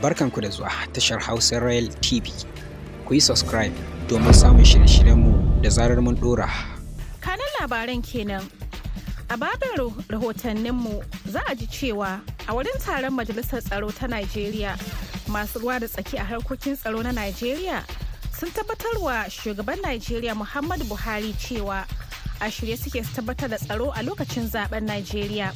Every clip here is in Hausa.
barkanku da zuwa tashar Hausa Royal TV. Ku yi subscribe domin samun shirye-shiryenmu da zarar mun dora. Kanan labaran kenan. A babin rahotanninmu za a ji cewa a wurin taron Majalisar Tsaro ta Najeriya masu ruwa da tsaki a harkokin tsaro na Najeriya sun tabbatarwa shugaban Najeriya Muhammadu Buhari cewa a shirye suke tabbatar da tsaro a lokacin zaben Najeriya.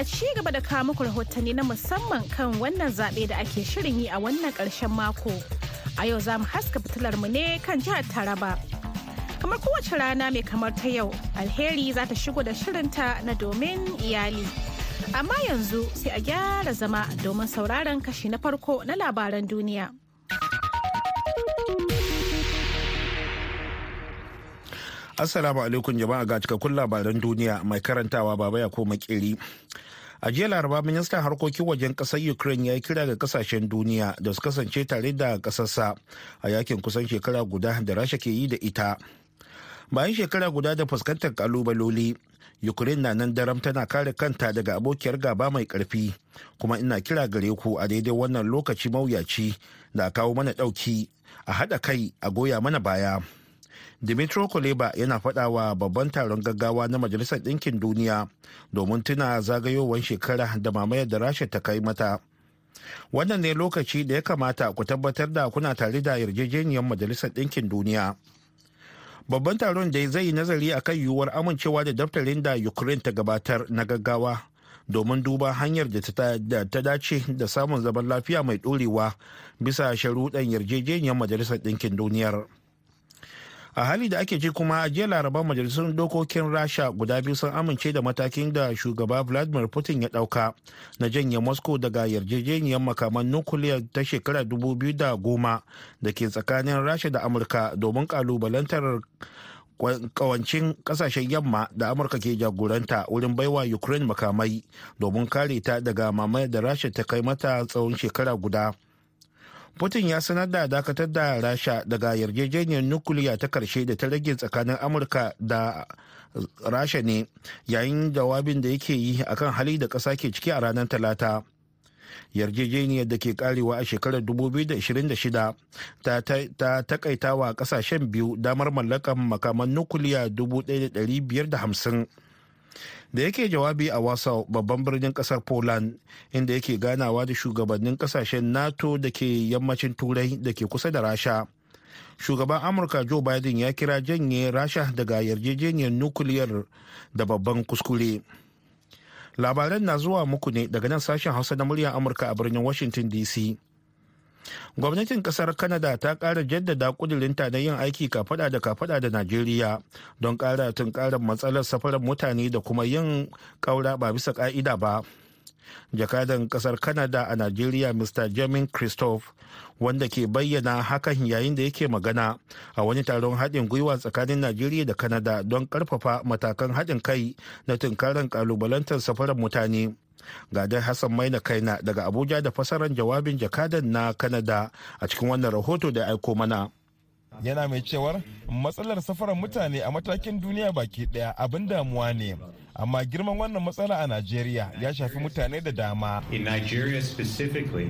a ci gaba da kawo muku rahotanni na musamman kan wannan zaɓe da ake shirin yi a wannan ƙarshen mako. A yau za mu haska mu ne kan jihar Taraba. Kamar kowace rana mai kamar ta yau, alheri za ta shigo da shirinta na domin iyali. Amma yanzu sai a gyara zama domin sauraron kashi na farko na labaran duniya. Assalamu alaikum jama'a ga cikakkun labaran duniya mai karantawa baba ya ko makiri a jiya laraba ministan harkokin wajen kasar ukraine ya yi kira ga kasashen duniya da su kasance tare da kasarsa a yakin kusan shekara guda da rasha ke yi da ita bayan shekara guda da fuskantar kalubaloli ukraine na nan daram tana kare kanta daga abokiyar gaba mai karfi kuma ina kira gare ku a daidai wannan lokaci mawuyaci da kawo mana dauki a haɗa kai a goya mana baya dimitro kuleba yana faɗa babban taron gaggawa na majalisar ɗinkin duniya domin tuna zagayowar shekara da mamayar da rasha ta kai mata wannan ne lokaci da ya kamata ku tabbatar da kuna tare da yarjejeniyar majalisar ɗinkin duniya babban taron da zai yi nazari a kan yiwuwar amincewa da daftarin da ukraine ta gabatar na gaggawa domin duba hanyar da ta dace da samun zaman lafiya mai ɗorewa bisa sharuɗan yarjejeniyar majalisar ɗinkin duniyar. a hali da ake ci kuma jiya laraba Majalisar dokokin rasha guda biyu sun amince da matakin da shugaba vladimir putin ya dauka na janye moscow daga yarjejeniyar makaman nukuliya ta shekara 2010 da ke tsakanin rasha da amurka domin kalubalantar kawancin kasashen yamma da amurka ke jagoranta wurin baiwa ukraine makamai domin kare ta daga mamayar da rasha ta kai mata tsawon shekara guda putin ya sanar da dakatar da rasha daga yarjejeniyar nukuliya ta karshe da ta rage tsakanin amurka da rasha ne yayin jawabin da yake yi akan hali da ƙasa ke ciki a ranar talata yarjejeniyar da ke karewa a shekarar 2026 ta taƙaita wa kasashen biyu damar mallakan makaman nukuliya 1550 da yake jawabi a wasa babban birnin kasar poland inda yake ganawa da shugabannin kasashen nato da ke yammacin turai da ke kusa da rasha shugaban amurka joe biden ya kira janye rasha daga yarjejeniyar nukiliyar da babban kuskure labaran na zuwa muku ne daga nan sashen hausa na muryar amurka a birnin washington dc gwamnatin kasar canada ta kara jaddada kudirinta na yin aiki kafada da kafada da najeriya don kara karar matsalar safarar mutane da kuma yin kaura ba bisa ka'ida ba jakadan kasar canada a najeriya mr jamin christoph wanda ke bayyana hakan yayin da yake magana a wani taron haɗin gwiwa tsakanin najeriya da Kanada don ƙarfafa matakan haɗin kai na tunkarar ƙalubalantar safarar mutane ga dai hassan maina kaina daga abuja da fasaran jawabin jakadan na kanada a cikin wannan rahoto da aiko mana yana mai cewar matsalar safarar mutane a matakin duniya baki daya abin damuwa ne amma girman wannan matsala a Najeriya ya shafi mutane da dama.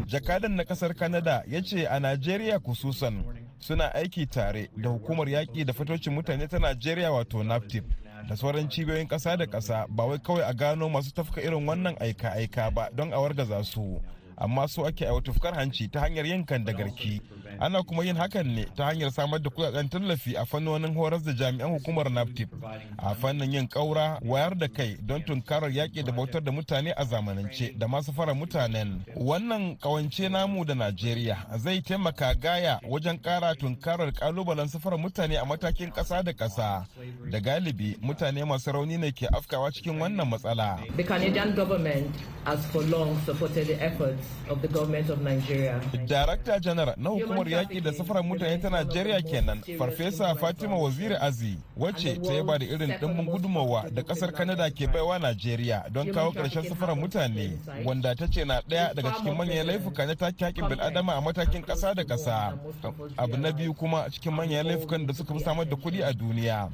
Jakadan na kasar kanada ya ce a Najeriya kususan suna aiki tare da hukumar yaƙi da fitocin mutane ta Najeriya wato NAPTIP da sauran cibiyoyin kasa da kasa ba wai kawai a gano masu tafka irin wannan aika-aika ba don a wargaza su amma su ake aiwata fukar hanci ta hanyar yin garki ana kuma yin hakan ne ta hanyar samar da kudaden tallafi a fannonin horas da jami'an hukumar naftif a fannin yin kaura wayar da kai don tunkarar yaƙi da bautar da mutane a zamanance da masu fara mutanen wannan kawance namu da najeriya zai taimaka gaya wajen ƙara tunkarar kalubalen safarar mutane a matakin ƙasa da kasa da galibi mutane masu rauni ne ke afkawa cikin wannan matsala. The Canadian government has for long supported the efforts of the na hukumar yaƙi da safarar mutane ta Najeriya kenan, Farfesa Fatima Waziri Azi, wacce ta yaba da irin ɗimbin gudunmawa da ƙasar kanada ke baiwa Najeriya don kawo ƙarshen safarar mutane, wanda ta ce na ɗaya daga cikin manyan laifuka na take haƙƙin bil'adama a matakin kasa da kasa Abu na biyu kuma cikin manyan laifukan da suka fi samar da kuɗi a duniya.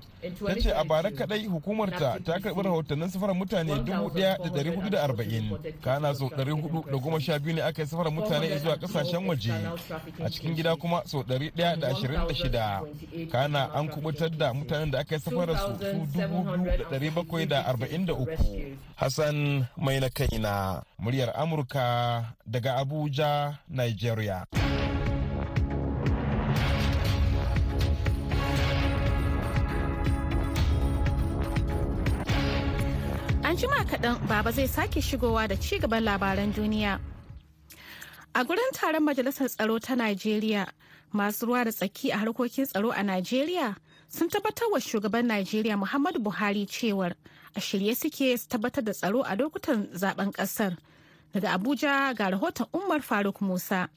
Ta ce a bara kaɗai hukumarta ta karɓi rahotannin safarar mutane 1,440 kana so biyu. biyu ne aka yi safarar mutane zuwa kasashen waje a cikin gida kuma sau 126 kana an kubutar da mutanen da aka yi safarar su su 2,743 hassan mai na kaina muryar amurka daga abuja nigeria an jima kaɗan baba zai sake shigowa da ci gaban labaran duniya A gurin taron Majalisar Tsaro ta Najeriya, masu ruwa da tsaki a harkokin tsaro a Najeriya sun tabbatar wa shugaban Najeriya Muhammadu Buhari cewar a shirye suke su tabbatar da tsaro a lokutan zaben kasar. Daga Abuja ga rahoton Umar Faruk Musa.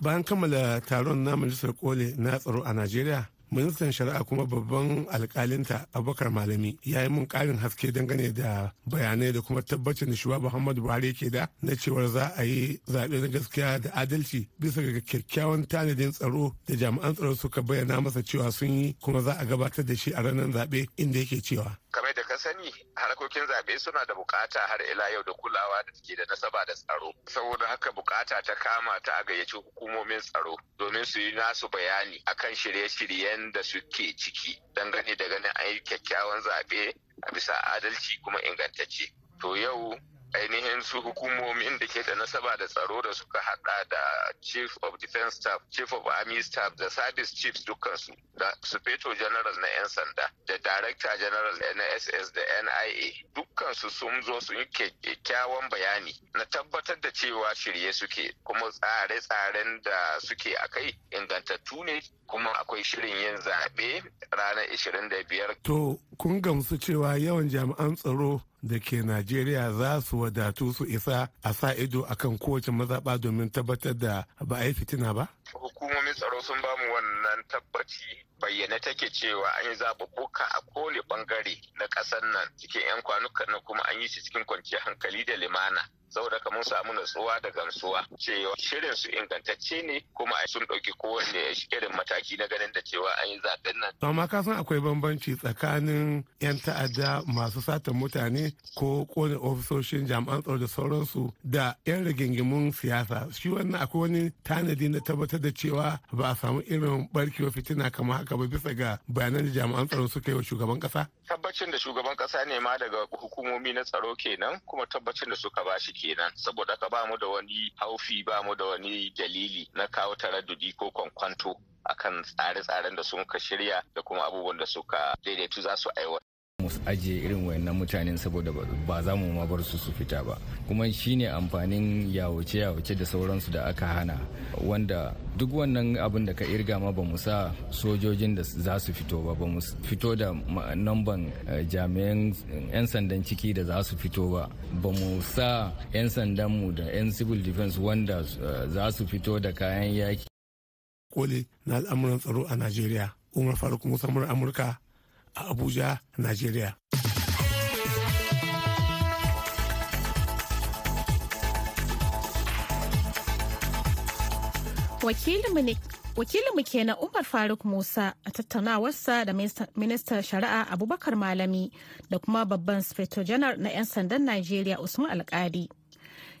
Bayan kammala taron na Majalisar Kole na tsaro a Najeriya, ministan shari'a kuma babban alkalinta abubakar malami ya yi mun karin haske dangane da bayanai da kuma tabbacin da shugaba muhammadu buhari yake da na cewar za a yi zaɓe na gaskiya da adalci bisa ga kyakkyawan tanadin tsaro da jami'an tsaro suka bayyana masa cewa sun yi kuma za a gabatar da shi a ranar zaɓe inda yake cewa. kamar ka sani harkokin zaɓe suna da bukata har ila yau da kulawa da take da nasaba da tsaro saboda haka bukata ta kama ta a gayyaci hukumomin tsaro domin su yi nasu bayani akan shirye-shiryen da suke ciki gani da ganin an kyakkyawan zaɓe a bisa adalci kuma ingantacce to yau ainihin su hukumomin da ke da nasaba da tsaro da suka hada da chief of defense staff chief of army staff da service chiefs dukkansu da supeto general na 'yan sanda da director general NSS da nia dukkansu sun zo su yi kyakkyawan bayani na tabbatar da cewa shirye suke kuma tsare-tsaren da suke a kai ingantattu ne kuma akwai shirin yin zaɓe ranar 25 to kun gamsu cewa yawan jami'an tsaro da ke najeriya za su wadatu su isa a sa ido akan kowace mazaɓa domin tabbatar da ba a yi fitina ba hukumomin tsaro sun ba mu wannan tabbaci bayyane take cewa an yi zaɓuɓɓuka a kowane ɓangare na ƙasar nan cikin 'yan kwanuka na kuma an yi shi cikin kwanciyar hankali da limana saboda haka mun samu natsuwa da gamsuwa cewa shirin su ingantacce ne kuma sun dauki kowanne irin mataki na ganin da cewa an yi zaɓen nan. amma ka san akwai bambanci tsakanin 'yan ta'adda masu satan mutane ko kone ofisoshin jami'an tsaro da sauransu da 'yan rigingimun siyasa shi wannan akwai wani tanadi na tabbatar da cewa ba a samu irin barkewa fitina kamar haka ba bisa ga bayanan da jami'an tsaro suka yi wa shugaban kasa. tabbacin da shugaban kasa ne ma daga hukumomi na tsaro kenan kuma tabbacin da suka ba shi kenan saboda ka ba mu da wani haufi ba mu da wani dalili na kawo taraddudi ko kwankwanto akan tsare-tsaren da suka shirya da kuma abubuwan da suka daidaitu za su aiwata. mu ajiye irin wayannan mutanen saboda ba za mu ma bar su su fita ba kuma shine amfanin yawace yawace da sauransu da aka hana wanda duk wannan abin da ka irga ma ba mu sa sojojin da za su fito ba ba mu fito da namban eh, jami'an 'yan sandan ciki da za su fito ba ba mu sa 'yan sandan mu da 'yan civil defense wanda eh, za su fito da kayan yaki kole na al'amuran tsaro a najeriya umar faruk musamman amurka a Abuja, Najeriya. Wakilinmu kenan Umar Faruk Musa a tattaunawarsa da ministan shari'a Abubakar Malami da kuma babban sfeto janar na 'yan sandan Najeriya Usman Alkadi.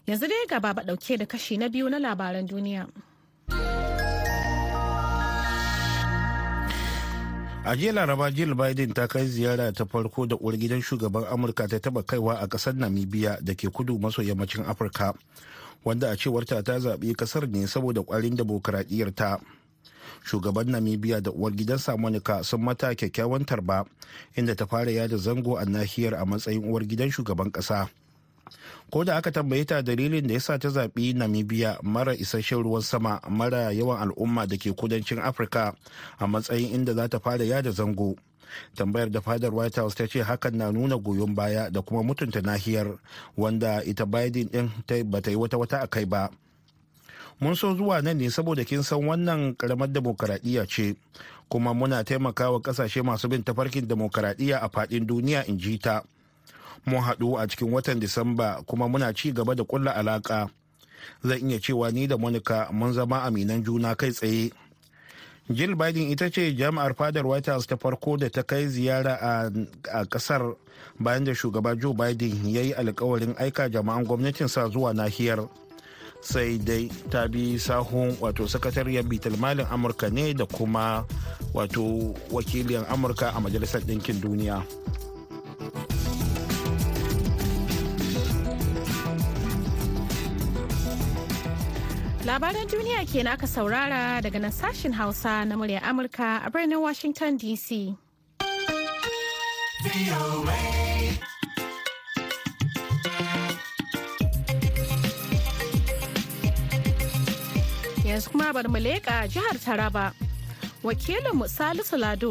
Yanzu dai gaba ba ɗauke da kashi na biyu na labaran duniya. a jiya laraba jill biden ta kai ziyara ta farko da uwar gidan shugaban amurka ta taba kaiwa a kasar namibia da ke kudu maso yammacin afirka wanda a cewarta ta zaɓi kasar ne saboda kwarin ta shugaban namibia da uwar gidansa monica sun mata kyakkyawan tarba inda ta fara yada zango a nahiyar a matsayin uwar gidan shugaban ƙasa ko da aka tambaye ta dalilin da yasa ta zaɓi namibia mara isasshen ruwan sama mara yawan al'umma da ke kudancin afirka a matsayin inda za ta fara yada zango tambayar da fadar white house ta ce hakan na nuna goyon baya da kuma mutunta nahiyar wanda ita biden din ba ta yi wata wata a kai ba mun so zuwa nan ne saboda kin san wannan karamar demokaradiyya ce kuma muna taimakawa kasashe masu bin tafarkin demokaradiyya a fadin duniya in ji ta mun haɗu a cikin watan disamba kuma muna ci gaba da ƙulla alaƙa zan iya cewa ni da monica mun zama aminan juna kai tsaye jill biden ita ce jami'ar fadar white house ta farko da ta kai ziyara a kasar bayan da shugaba joe biden ya yi alkawarin aika jama'an sa zuwa nahiyar sai dai ta bi sahun wato sakatariyar bitar malin amurka ne da kuma wato wakiliyar amurka a majalisar ɗinkin duniya Labaran duniya ke aka saurara daga nan sashen Hausa na murya Amurka a birnin Washington DC. Yanzu kuma bari mu leƙa jihar Taraba. Wakilin Salisu Lado